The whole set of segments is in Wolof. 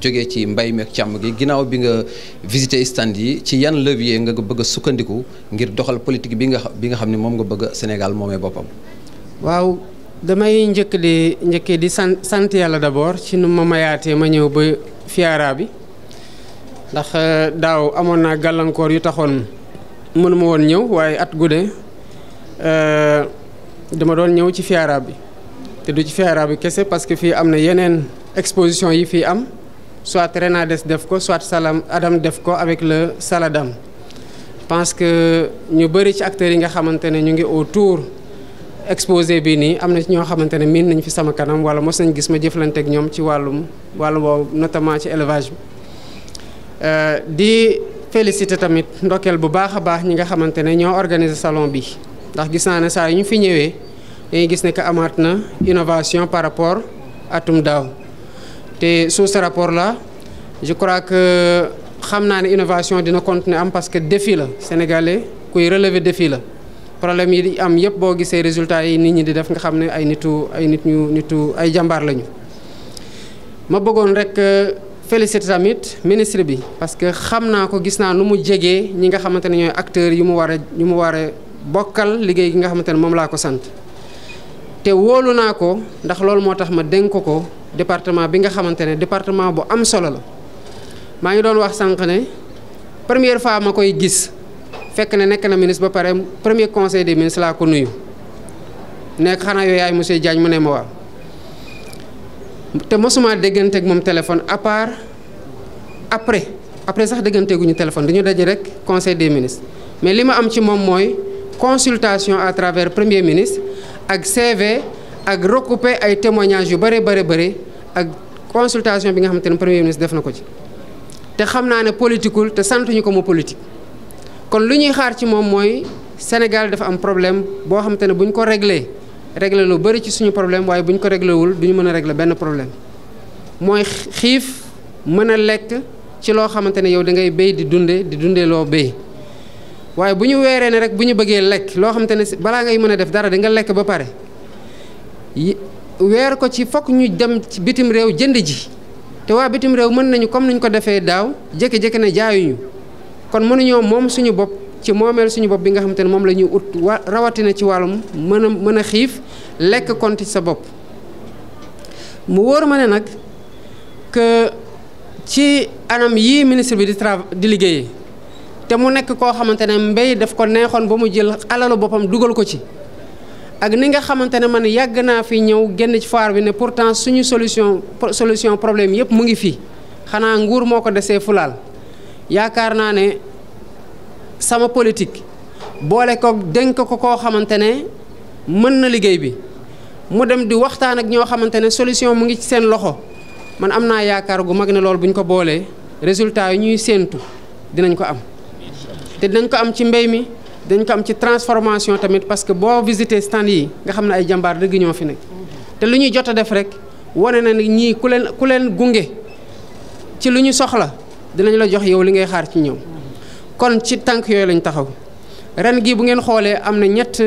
jóge ci mbay meek càmm gi ginnaaw bi nga visité stand yi ci yan levier nga bëgg a sukkandiku ngir doxal politique bi nga xam bi nga xam ne moom nga bëgg a Sénégal moomee boppam. waaw damay njëkk di njëkkee di sant sant yàlla d'abord ci nu ma mayaatee ma ñëw ba fiara bi ndax euh, daaw amoon naa gàllankoor yu taxoon mënuma woon ñëw waaye at guddee euh, dama doon ñëw ci fiara bi. te du ci fiara bi kese parce que fii am na yeneen exposition yi fii am soit Renades def ko soit Salam Adam def ko avec le Saladam pense que ñu bëri ci acteur yi nga xamante ne ñu ngi autour exposé bi nii am na ci ñoo xamante ne miin nañ fi sama kanam wala mos nañ gis ma jëflante ñoom ci wàllum wàllum boobu notamment ci élevage bi euh, di félicité tamit ndokkeel bu baax a baax ñi nga xamante ne ñoo organiser salon bi ndax gis naa ne saa yu ñu fi ñëwee dañuy gis ne que amaat na innovation par rapport atum daaw te sous rapport la je crois que xam naa ne innovation dina continuer am parce que défi la sénégalais kuy relever défi la problème yi am yëpp boo gisee résultat yi nit ñi di def nga xam ne ay nitu ay nit ñu nitu ay jàmbaar lañu. ma bëggoon rek euh, féliciter tamit ministre bi parce que xam naa ko gis naa nu mu jegee ñi nga xamante ne ñooy acteurs yu mu war a yu mu war bokkal liggéey gi nga xamante ne moom laa ko sant te woolu naa ko ndax loolu moo tax ma dénk ko ko. département bi nga xamante ne département bu am solo la maa ngi doon wax sànq ne première fois ma koy gis fekk ne nekk na ministre ba pare premier conseil des ministres laa ko nuyu nekk xanaa yooyu yaay monsieur Diagne mu ne ma waaw te mosuma déggante ak moom téléphone à part après après sax dégganteeguñu téléphone dañu daje rek conseil des ministres mais li ma am ci moom mooy consultation à travers premier ministre ak CV. ak recouper ay témoignages yu bëri bëri bëri ak consultation bi nga xamante ne premier ministre def na ko ci te xam naa ne politikul te santuñu ko mu politique kon lu ñuy xaar ci moom mooy Sénégal dafa am problème boo xamante ne bu ñu ko réglé réglé lu bëri ci suñu problème waaye bu ñu ko réglé wul du ñu mën a réglé benn problème mooy xiif mën a lekk ci loo xamante ne yow da ngay béy di dunde di dundee loo béy waaye bu ñu weeree ne rek bu ñu bëggee lekk loo xamante ne balaa ngay mën a def dara di nga lekk ba pare weer ko ci fokk ñu dem ci bitim réew jënd ji te waa bitim réew mën nañu comme nañ ko defee daaw jékki-jékki ne jaayuñu kon mënuñoo moom suñu bopp ci moomeel suñu bopp bi nga xamante ne moom la ñuy ut wa rawatina ci wàllum mën a mën a xiif lekk konti sa bopp mu wóor ma ne nag que ci anam yii ministre bi di tra di liggéeyee te mu nekk koo xamante ne mbéy daf ko neexoon ba mu jël alalu boppam dugal ko ci ak ni nga xamante ne man yàgg naa fi ñëw génn ci foire bi ne pourtant suñu solution solution problème yëpp mu ngi fi xanaa nguur moo ko desee fulaal yaakaar naa ne sama politique boole ko dénk ko koo xamante ne mën na liggéey bi mu dem di waxtaan ak ñoo xamante ne solution mu ngi ci seen loxo man am naa yaakaar gu mag ne loolu bu ñu ko boolee résultat yi ñuy séentu dinañ ko am te dinañ ko am ci mbéy mi. dañ ko am ci transformation tamit parce que boo visité stand yi nga xam ne ay jàmbaar dëgg ñoo fi nekk te lu ñuy jot a def rek wane na ni ñii ku leen ku leen gunge ci lu ñu soxla dinañ la jox yow li ngay xaar ci ñëw kon ci tànk yooyu lañ taxaw ren gi bu ngeen xoolee am na ñett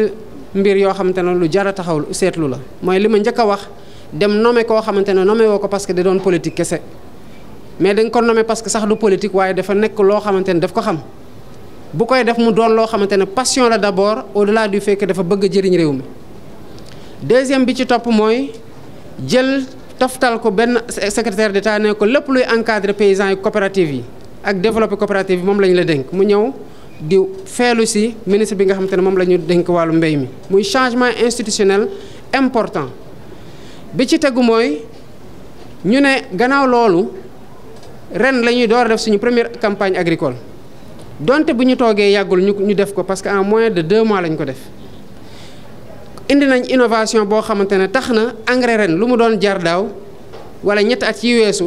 mbir yoo xamante ne lu jara taxaw seetlu la mooy li ma njëkk a wax dem nommé koo xamante ne nome woo ko parce que da doon politique kese mais dañ ko nommé parce que sax du politique waaye dafa nekk loo xamante ne daf ko xam. bu koy def mu doon loo xamante ne passion la d'abord au-delà du fait que dafa bëgg a jëriñ réew mi deuxième bi ci topp mooy jël toftal ko benn secrétaire d'État ne ko lépp luy encadrer paysans yi coopérative yi ak développer coopérative yi moom lañ la dénk mu ñëw di feelu si ministre bi nga xamante ne moom la ñu dénk wàllu mbéy mi muy changement institutionnel important bi ci tegu mooy ñu ne gannaaw loolu ren la ñuy door def suñu première campagne agricole donte bu ñu toogee yàggul ñu ñu def ko parce que en moins de deux mois lañ ko def indi nañ innovation boo xamante ne tax na engrais ren lu mu doon jar daaw wala ñetti at yi weesu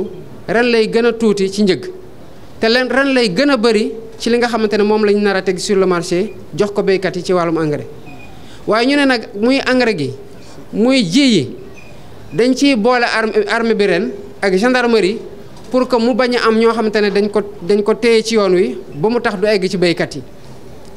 ren lay gën a tuuti ci njëg te leen ren lay gën a bëri ci li nga xamante ne moom lañ nar a teg sur le marché jox ko béykat yi ci wàllum engrais waaye ñu ne nag muy engrais gi muy ji yi dañ ciy boole armée bi ren ak gendarmerie. pour que mu bañ a am ñoo xamante ne dañ ko dañ ko téye ci yoon wi ba mu tax du egg ci baykat yi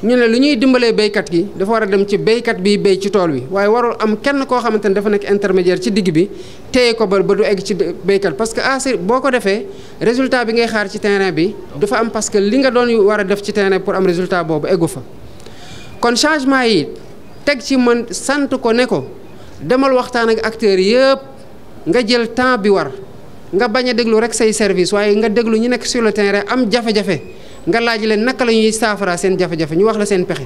ñu ne lu ñuy dimbalee baykat gi dafa war a dem ci baykat biy béy ci tool wi waaye warul am kenn koo xamante ne dafa nekk intermédiaire ci digg bi téye ko ba ba du egg ci béykat parce que ah boo ko defee résultat bi ngay xaar ci terrain bi dafa am parce que li nga doon war a def ci terrain pour am résultat boobu eggu fa kon changement yi teg ci man sant ko ne ko demal waxtaan ak acteurs yëpp nga jël temps bi war nga bañ a déglu rek say service waaye nga déglu ñu nekk sur le terrain am jafe-jafe nga laaj leen naka la ñuy saafara seen jafe-jafe ñu wax la seen pexe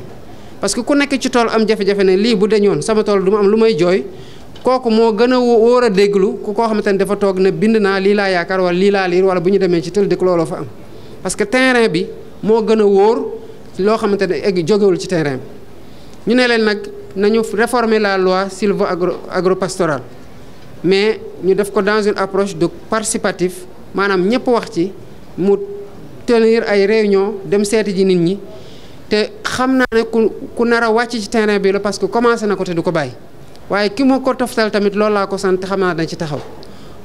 parce que ku nekk ci tool am jafe-jafe ne lii bu dañoon sama tool du ma am lu may jooy kooku moo gën a wóor a déglu ku koo xamante ne dafa toog ne bind naa lii laa yaakaar wala lii laa liir wala bu ñu demee ci tël dëkk looloo fa am parce que terrain bi moo gën a wóor loo xamante ne egg jógewul ci terrain bi ñu ne leen nag nañu réformer la loi sylvo agro agropastorale ñu def ko dans une approche de participatif maanaam ñëpp wax ci mu tenir ay réunion dem seeti ji nit ñi te xam naa ne ku ku nar a wàcc ci terrain bi la parce que commencé na ko te du ko bàyyi waaye ki mu ko toftal tamit loolu laa ko sant xam naa dañ ci taxaw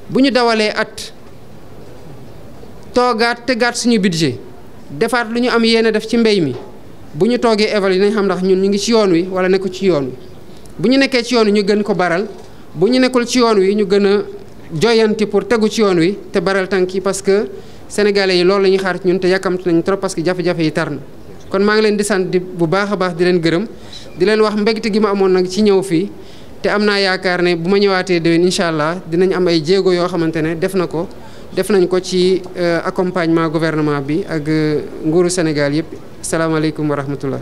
bu ñu dawalee at toogaat tegaat suñu budget defaat lu ñu am yéene def ci mbéy mi bu ñu toogee évaluer nañ xam ndax ñun ñu ngi ci yoon wi wala nekku ci yoon wi bu ñu nekkee ci yoon wi ñu gën ko baral bu ñu nekkul ci yoon wi ñu gën a joyanti pour tegu ci yoon wi te baral tànk yi parce que sénégalais yi loolu la ñuy xaar ci ñun te yàkkamti nañu trop parce que jafe-jafe yi tar na kon maa ngi leen di sant di bu baax a baax di leen gërëm di leen wax mbégte gi ma amoon nag ci ñëw fii te am naa yaakaar ne bu ma ñëwaatee déwén incha allah dinañ am ay jéego yoo xamante ne def na ko def nañ ko ci euh, accompagnement gouvernement bi ak euh, nguuru Sénégal yëpp salaamaaleykum wa rahmatullah